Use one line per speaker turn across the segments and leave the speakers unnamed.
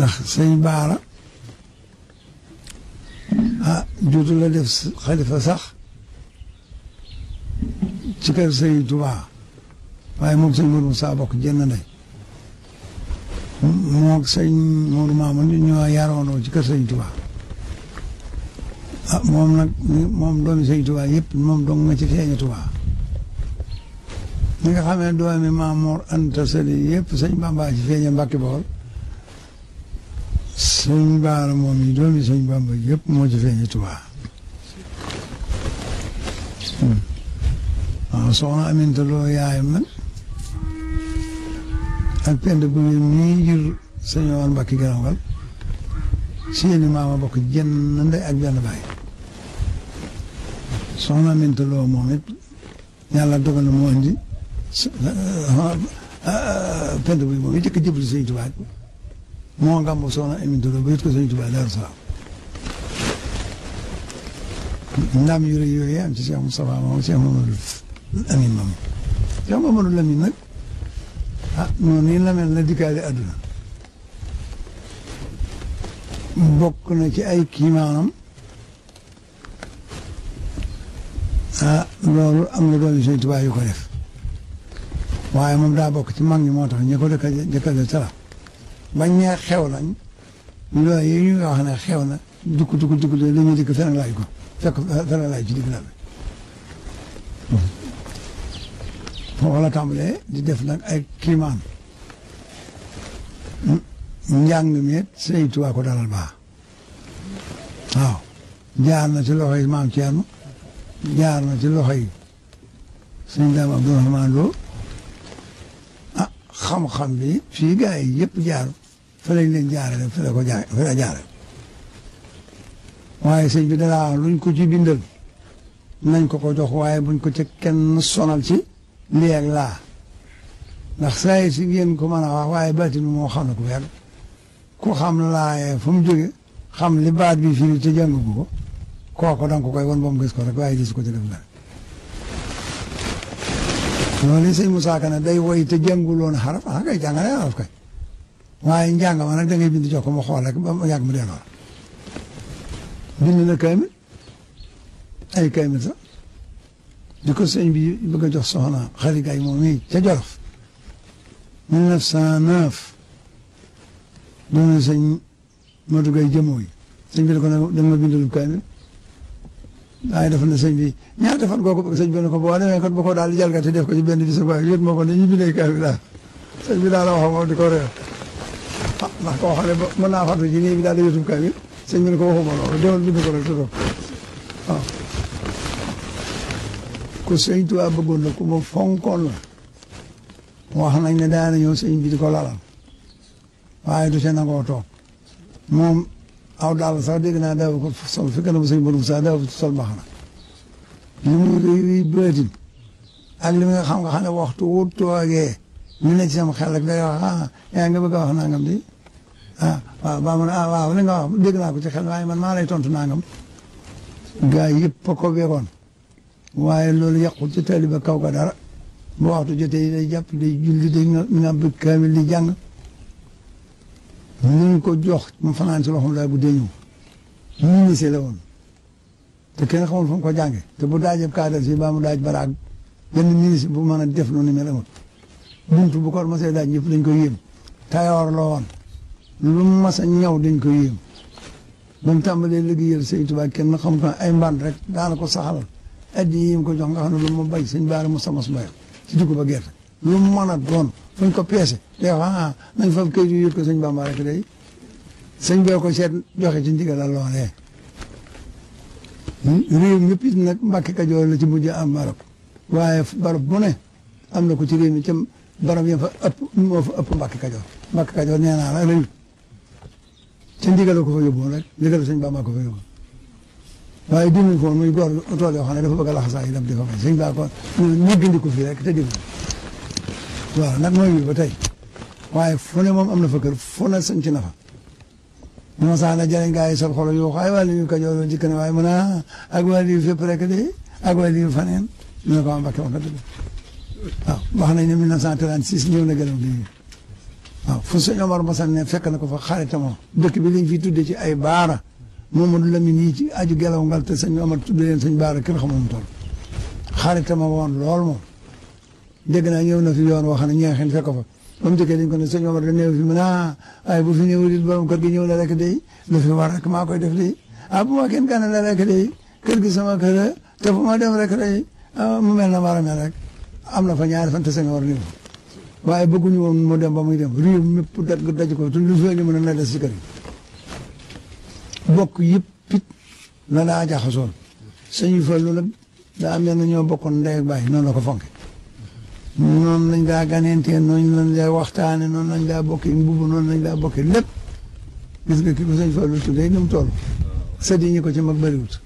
نخ سي بارا ها جوتو لا ديف خليفة صح تكر سي توبا فاي موك سي مور مصابوك جنة ناي موك سي مور مامون دي نيوا يارونو تكر سي توبا موم نك موم دون سي توبا يب موم دون ما تكر سي توبا نيغا خامي دوامي مامور انت سلي يب سي بامبا سي فيني مباكي بول sëñ Baara moom yi doomi sëñ Bamba yëpp moo ci feeñi Tuubaa waaw hmm. ah, soxna Aminta Lo yaayam nag ak pend bu ñu nii jur sëñ Omar Mbacke Garaawal seeni maama bokk jenn ndey ak benn baay soxna Aminta Lo moom it yàlla dogal na moo indi ah, ah, pend bu moom it jëkk jëbal sëñ Tuubaa moo gàmmu soxna Ami e Touré ba yit ko sëñ Tuubaa Daaru e Salaam ndam yu rëy yooyu am ci Cheikh Moustapha moom Cheikh Mamadou Amin moom Cheikh Mamadou Amin nag ah la mel bokk na ci ay kiimaanam loolu am na doomi sëñ Tuubaa yu ko def daa bokk ci mag ñi moo tax ñi ko bañ ñee xew nañ loolu yi ñu wax ne xew na dugg dugg dugg li ñu dikk feneen laaj ko fekk feneen laaj ci digg la bi foofu la tàmbalee di def nag ay climat njàng mi sëñ Tuubaa ko dalal baax waaw jaar na ci loxoy maam Thierno jaar na ci loxoy sëñ Dame Abdourahmane Lo ah xam-xam bi fii gars yi yëpp jaaru fa lañ leen ko jaare fa la jaare waaye sëñ bi dalaa luñ ko ci bindal nañ ko ko jox waaye buñ ko ci kenn sonal ci lii ak laa ndax saa si ngeen ko mën waaye batin moo xam ne ku yàgg ku xam laayee fu mu jóge xam li baat bi firi te jàng ko kooku danga ko koy won ba gis ko rek waaye gis ko ci def dara loolu sëñ Moussa Ka ne day woy te jànguloon xaraf ah kay jàngale xaraf kay waaye njàng ma nag da ngay bind jox ko mu xool rek ba mu yàgg mu delloo na kaamil ay kaamil sax di ko sëñ bi bëgg a jox soxna xarit gay moom mii ca Jolof 1909 doon na sëñ Modou Gueye jëmoo yi sëñ bi da ko nag da nga ma bindalub kaamil waaye ne sëñ bi ñaata fan koo ko sëñ bi ne ko boo demee kon bu ko daal di jalgati def ko ci benn bis bu baax yëpp moo ko ne ñu bindee kaamil daal sëñ bi daal la wax moom di ko réer ah ndax koo xam ne ba mën naa fàttu ci bi daal di yëtum kaamil sëñ bi ne ko waxuma loolu demal bind ko rek tuddoo waaw ah. ku sëñ Tuubaa bëggoon la ku ma fonkoon wax nañ ne daana ñëw sëñ bi di ko lalal waaye du ca nangoo toog moom aw daal sax dégg naa daaw ko sol fi kanam sëñ Borom sax daaw sol baax na li muy rëy rëy bëtin ak li nga xam nga xam waxtu wu toogee ñu ci sama xel rek day wax ah yaa nga bëgg a wax nangam di ah waaw ba mu waaw li nga wax dégg naa ko ci xel waaye man maa lay tontu nangam. gaa yëpp a ko weeroon waaye loolu yàqul ci taaliba kaw ga dara bu waxtu jotee day jàpp day julli day ngàmb kaamil di jàng. ñu ko jox mu fanaan ci loxoom daal bu ñëw. ministre la woon te kenn xamul fu ko jàngee te bu daajee kaadal si ba mu daaj baraag benn ministre bu mën a def lu ni mel amul buntu bu ko mos a daaj ñëpp dañ koy yéem tayoor la woon. lu mu mas ñaw dañ ko yéem ba mu tàmbalee liggéeyal Sëñ Tuubaa kenn xam ko ay mbaan rek daana ko saxalal addi yi mu ko jox nga xam ne lu mu bay sëñ baara mu samas mbay ci dugub ba gerte lu sañ mën a doon fuñ ko ah, sëñ Bamba bee ko seet joxe ci ndigal la loolee réew ñëpp it nag Mbàkke Kajoor la ci mujj am barab waaye barab bu am na ko ci réew mi ca barab ya fa ëpp moo fa ëpp Mbàkke Kajoor Mbàkke Kajoor nee naa ca ndigal ko fa yóbbu woon rek fa yóbbu waaye dimbali ko muy góor tool yoo xam ne dafa bëgg a laxasaay daf di fa bay sëñ Ba ko ñu gindi ko fii rek te dimbali waaw nag mooy wii ba waaye fu ne moom am na fa kër fu ne sëñ ci na fa moo sax na jëriñ gaa yi sol xol yoo xay wàllu yu kajoor jikk ne waaye mu ne ak wàllu yu fépp rek de ak wàllu yu na dëgg waaw wax nañ ne 1936 ñëw waaw fu sëñ Omar Masane ne fekk na ko fa xaritam dëkk bi lañ fi tuddee ci ay baara Momadou Lamine yi ci aju gelaw ngal te sëñ Omar tuddee leen sëñ baara kër xamam tool xaritam woon lool moom dégg naa ñëw na fi yoon wax ne ñeexin fekk ko fa ba mu dikkee dañ ko ne sëñ Omar da néew fi mu naa ah, waaye bu fi ñëwul it borom kër gi ñëw la rek day lu fi war rek maa koy def lii ah bu ma kenn gane la rek day kër gi sama kër te fu ma dem rek day ah, mu mel na war a mel rek am na fa ñaari fan te sëñ Omar waaye bëgguñu woon mu dem ba muy dem réew mépp daj daj ko lu fee ñu mën a na des ci kër yi bokk yëpp it na daa jaxasoon sëñ Fallu nag daa mel na ñoo bokkoon ndey ak baay noonu la ko fonke noonu lañ daa ganentee noonu lañ daa waxtaane noonu lañ daa bokke noon noonu lañ daa bokke lépp gis nga ki ko sëñ Fallu tuddee ni mu toll sëdd ñi ko ci mag bëriwut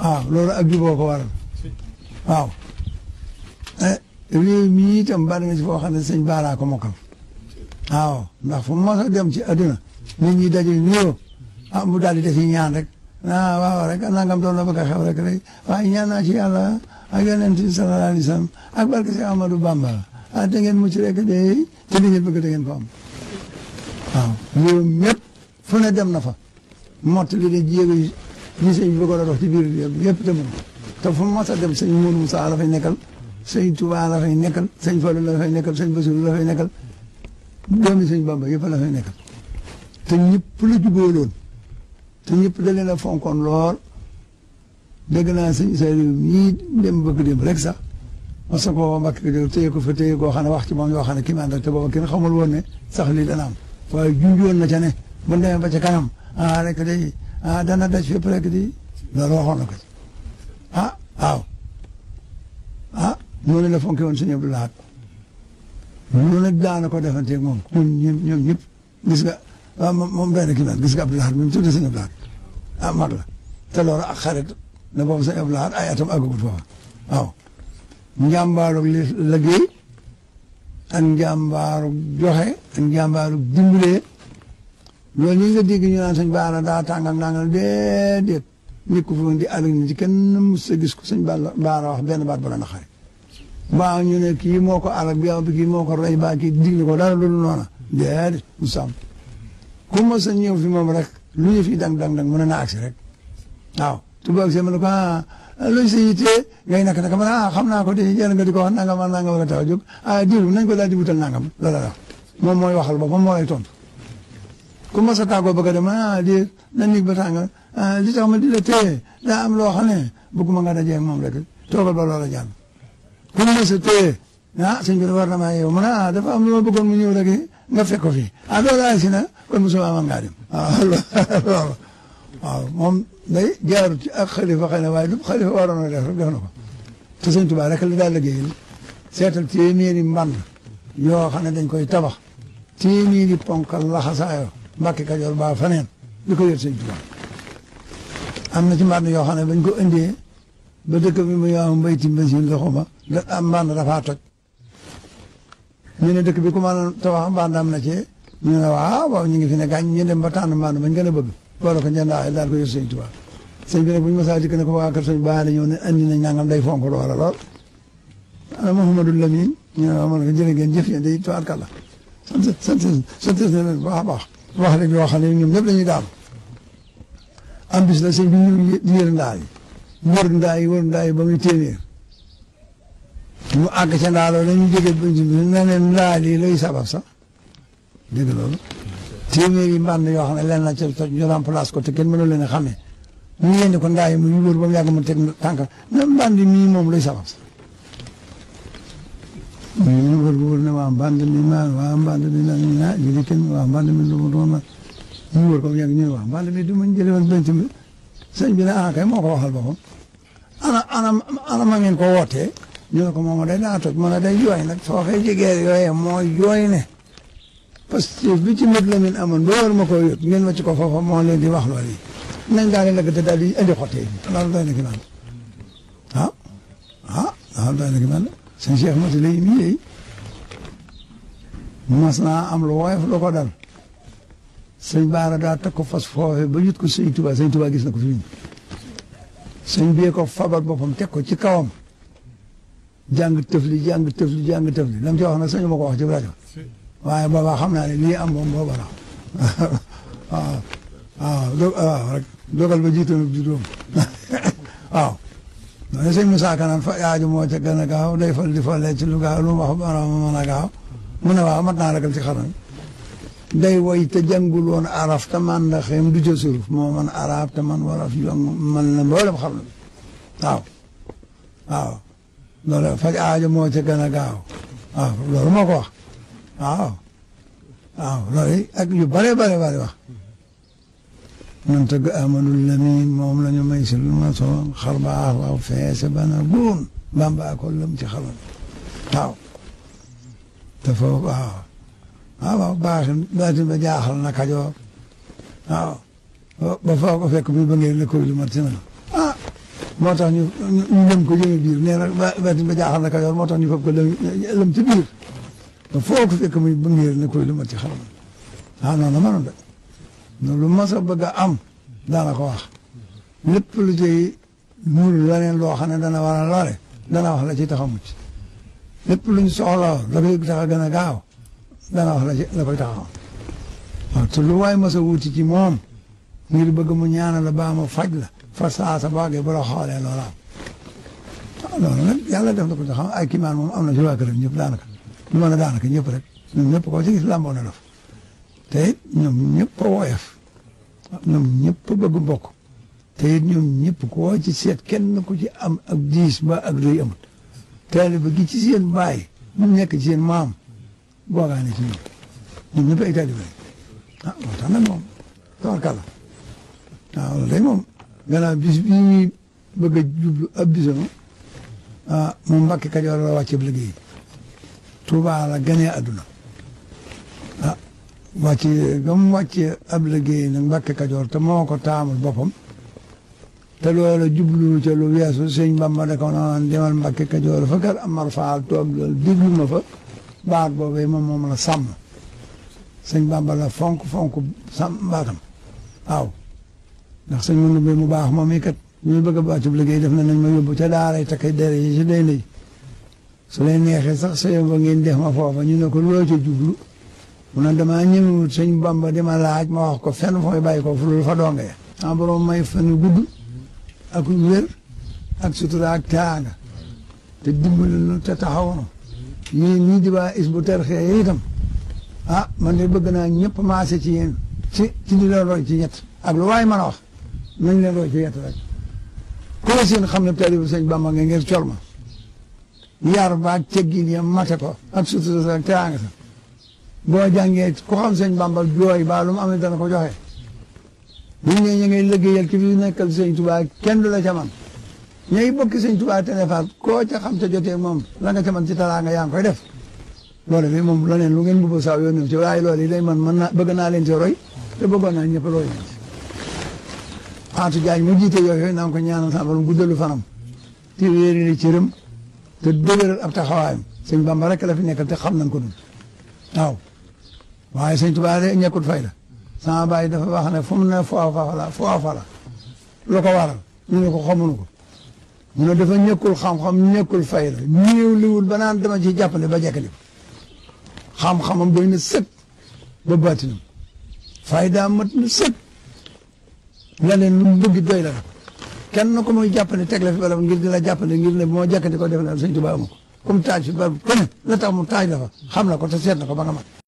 waaw loolu ak juboo ko waral waaw eh, réew mi itam bari na ci foo xam ne sëñ Baara ko mokkal waaw ndax fu mos a dem ci adduna nit ñi daje nuyoo ah mu daal di def ñaan rek ah waaw rek nangam doon la bëgg a xew rek rek waaye ñaan naa ci yàlla ak yonent bi sallallahu alayhi wa sallam ak barke si Amadou Bamba ah da ngeen mucc rek de te li ngeen bëgg da ngeen ko am waaw réew mépp fu ne dem na fa mott li de jéego yi ñi sëñ bi bëggoon a dox ci biir réew yëpp demoon te fu mos a dem sëñ Mourou Moussa la fay nekkal sëñ Tuubaa la fay nekkal sëñ Fallu la fay nekkal sëñ Basiru la fay nekkal doomi sëñ Bamba yëpp la fay nekkal te ñëpp la jubóoloon te ñëpp da leen a fonkoon lool dégg naa sëñ Saliou mii dem bëgg dem rek sax parce que booba Mbàkke Kajoor téye ko fa téye koo xam ne wax ci moom yoo xam ne kii maa te booba kenn xamul woon ne sax lii dana am waaye junjoon na ca ne bu ba ca kanam ah rek day ah dana daj fépp rek di na ko ci ah waaw noonu la fonke woon sëñ Abdou Lahad noonu daana ko defante ak moom ñun ñoom ñëpp gis nga waaw moom doy na kii naan gis nga Abdou Lahad mi mu tudd sëñ Abdou Lahad ah mag la te loolu ak xarit na boobu sëñ Abdou Lahad ay atam àggagut foofa waaw njàmbaaru liggéey ak njàmbaaru joxe ak njàmbaaru dimbalee loolu ñu nga dégg ñu naan sëñ Baara daa tàngal nangal déedéet nit ku fi woon di àll ni ci kenn mës a gis ko sëñ Baara wax benn baat bu la naqari ba ñu ne kii moo ko arab yaa bi kii moo ko rey baa kii dig ko dara du noona déedéet mu sam ku ma sa ñëw fi moom rek lu ñu fi dang dang dang mën na agsi rek waaw tubaab see ma ne ko ah luñ sa yittee ngay nak naka man ah xam naa ko di jël nga di ko wax nangam ak nangam ak taw jóg ah diw nañ ko daal di wutal nangam loola la moom mooy waxal boppam moo lay tontu ku ma sa tàggoo bëgg a dem ah di na nit ba tàngal ah li tax ma di la téye daa am loo xam ne bëgguma nga dajee moom rek toogal ba loola jàll ku mu mos a téye war na maa yow mu ne am lu ma bëggoon mu ñëw rek nga fekk ko fii ah loolu laa si na kon mosoo moom day jaarut ci ak xalifa xëy na waaye lu xalifa waroon a def rek def na ko te sëñ Tuubaa rek la daal liggéeyal yoo xam ne dañ koy tabax téeméeri ponkal laxasaayoo Mbàkke Kajoor ba faneen li ko yor sëñ Tuubaa am na ci mband yoo xam ne bañ ko indee ba dëkk bi mu yaa mbay timbe si la xuma da am dafaa toj ñu ne dëkk bi ku maanaam tabax mbaan am na ci ñu ne waaw waaw ñu ngi fi ne gaañ ñu dem ba tànn mbaan mañ gën a bëgg boole ko njëndaay daal ko yor sëñ Tuubaa sëñ bi nag bu ñu masaa dikk ne ko waa kër sëñ baax la andi nañ nangam day fonk loola lool ana Mouhamadou Lamine ñu ne ma ne ko jërë ngeen jëf yéen day tuwaat kàlla sant sant na baax baax wax dëgg yoo xam ne ñoom ñëpp dañuy daal am bis la sëñ bi ñu yër ndaal wër ndaay wër ndaay ba muy téeméer mu àgg ca ndaaloo la ñu jóge na ne ndaa lii lay sabab sax dégg loolu téeméer yi mbànd yoo xam ne leen la ca toj ñu remplace ko te kenn mënu leen a xamee ñu yéene ko ndaa yi mu ñu ba mu yàgg mu teg tànk na mbànd mii moom lay sabab sax mais ñu wër bu wër ne na ñu kenn waa mbànd mi lu mu doon ñu ko mu yàgg waa mbànd mi du ma jëlee woon sëñ bi ne ah kay moo ko waxal boppam ana ana ma ngeen ko wootee ñu ne ko moom day daa toj mu ne jooy nag soo xëy ci geer moo jooy ne parce que bi ci mët la min amoon ba war ma koo yót ngeen ma ci ko foofa moo leen di wax loolu yi nañ daal di lekk te daal di indi xotte yi loolu na ki naan ah ah loolu doy na ki naan sëñ Cheikh Mati lay mii mas naa am lu woyof lu ko dal sëñ Baara daa teg ko fas foofe ba yut ko sëñ Tuba sëñ Tuba gis na ko fi mu sëñ bee ko fabal boppam teg ko ci kawam jàng tëfli jàng tëfli jàng tëfli lam ci wax nag sëñ ma ko wax ci rajo waaye boobaa xam naa ne lii am moom booba la waaw waaw waaw rek dogal ba jiitoon ak juróom waaw ne sëñ Moussa Kanaan fa yaaju moo ca gën a gaaw day fal di falee ci lu gaaw lu mu wax mën a gaaw mu ne waaw mat naa ragal ci xaram day woy te jàngul woon araf te man la xeem du ca suruf moo man araf te man waraf yi man la mboolem xam na waaw waaw loolu faj aajo moo ca gën gaaw waaw moo ko wax waaw ak yu bare bare bare wax nan tëgg amadul lamin moom la ñu may ma soon xar baax waaw feese bana guun bamba ko lam ci xaloon waaw dafa waaw waaw baatin baatin ba jaaxal na Kajoor waaw ba faaw ko fekk bi ba ngeen ne koy lu mat semaine ah moo tax ñu ñu lëm ko jëme biir nee na baatin ba jaaxal na Kajoor moo tax ñu fab ko lëm ci biir ba foo ko fekk muy ba ngeen ne koy lu mat ci xaram ah noonu la mënoon de lu mas a bëgg a am daana ko wax lépp lu cay muur leneen loo xam ne dana war a lore dana wax la ci tax a mucc lépp luñ soxla da koy tax a gën a gaaw dana wax la ko taxaw waaw te lu waay mos a wuti ci moom ngir bëgg mu ñaanal la baa ma faj fa saa sa baagee bu la xoolee loola am loolu nag yàlla def na ko xam ay kiimaan moom am na ci waa këram ñëpp daanaka lu mën a daanaka ñëpp rek koo ci gis te it ñoom ñëpp a woyof ñoom ñëpp kenn ku ci am ak diis ba ak rëy amul taalibe gi ci seen baay mu nekk ci seen maam boogaane ci ñun ñëpp ay taalibe ah waxtaan nag moom tabarkàlla waaw ah, loolu day moom gannaaw bis bii ñuy bëgg a jublu ab bisam ah moom Mbàkke Kajoor la wàcce bu liggéey Tuubaa la ganee àdduna ah wàcce ba mu wàcce ab liggéey nag Mbàkke Kajoor te moo ko taamul boppam te loola jublu ca lu weesu sëñ Bamba da ko naan demal Kajoor fa kar amar faal toog loolu déglu ma fa baat boobee moom moom la sàmm sëñ Bàmba la fonk fonk sàmm baatam waaw ndax sëñ Mandu Mbay mu baax moom i kat ñu bëgg a bàccub liggéey def na nañ ma yóbbu ca daaray takk dere yi ci day ndey su leen neexee sax sëñ ba ngeen def ma foofa ñu ne ko loo ca jublu mu ne damaa ñëwut sëñ Bàmba di ma laaj ma wax ko fenn fooy bàyyi ko fu dul fa donge en borom may fan gudd ak wér ak sutura ak taanga te dimbali nu te taxaw na yéen ñii di waa isbu tarxee yi itam ah man de bëgg naa ñëpp maase ci yéen ci ci di leen roy ci ñett ak lu waay mën a wax nañ leen roy ci ñett rek koo seen xam ne taalibu sëñ Bàmba nga ngir col ma yar baag teggin ya mate ko ak sutura sa teraanga sa boo jàngee ku xam sëñ Bàmba jooy ba lu mu amee dana ko joxe buñ ne ñu ngay liggéeyal ki nekkal sëñ Tuubaa kenn du la ca ñooy bokk sëñ Tuubaa téléphone koo ca xam te jotee moom la nga ca mën ci talaanga yaa ngi koy def loolu bi moom la neen lu ngeen bëgg saw yoon ci waaye loolu yi day man mën na bëgg naa leen ci roy te bëggoon naa ñëpp roy Aatu Jaañ mu jiite yooy naa ko ñaanal sama borom guddalu fanam te wéeri ni cëram te dëgëral ab taxawaayam sëñ Bamba rek la fi nekkal te xam nañ ko dun waaw waaye sëñ Tuubaa de ñekkut fay la sama baay dafa wax ne fu mu ne foo fala foo fala ko waral ñu ko mu ne dafa ñëkkul xam nekkul ñëkkul fayda néew liwul ba naan dama ci jàppale ba jekkali xam-xamam doy na sëkk ba baatinam fayda mat na sëkk la leen lu mu bëgg doy la kenn na ko muy jàppale teg la fi barab ngir di la jàppale ngir ne moo jekkati ko def na sëñ Tuubaa amu ko comme taaj fi barab ku la tax mu taaj la fa xam na ko te seet na ko ba nga mat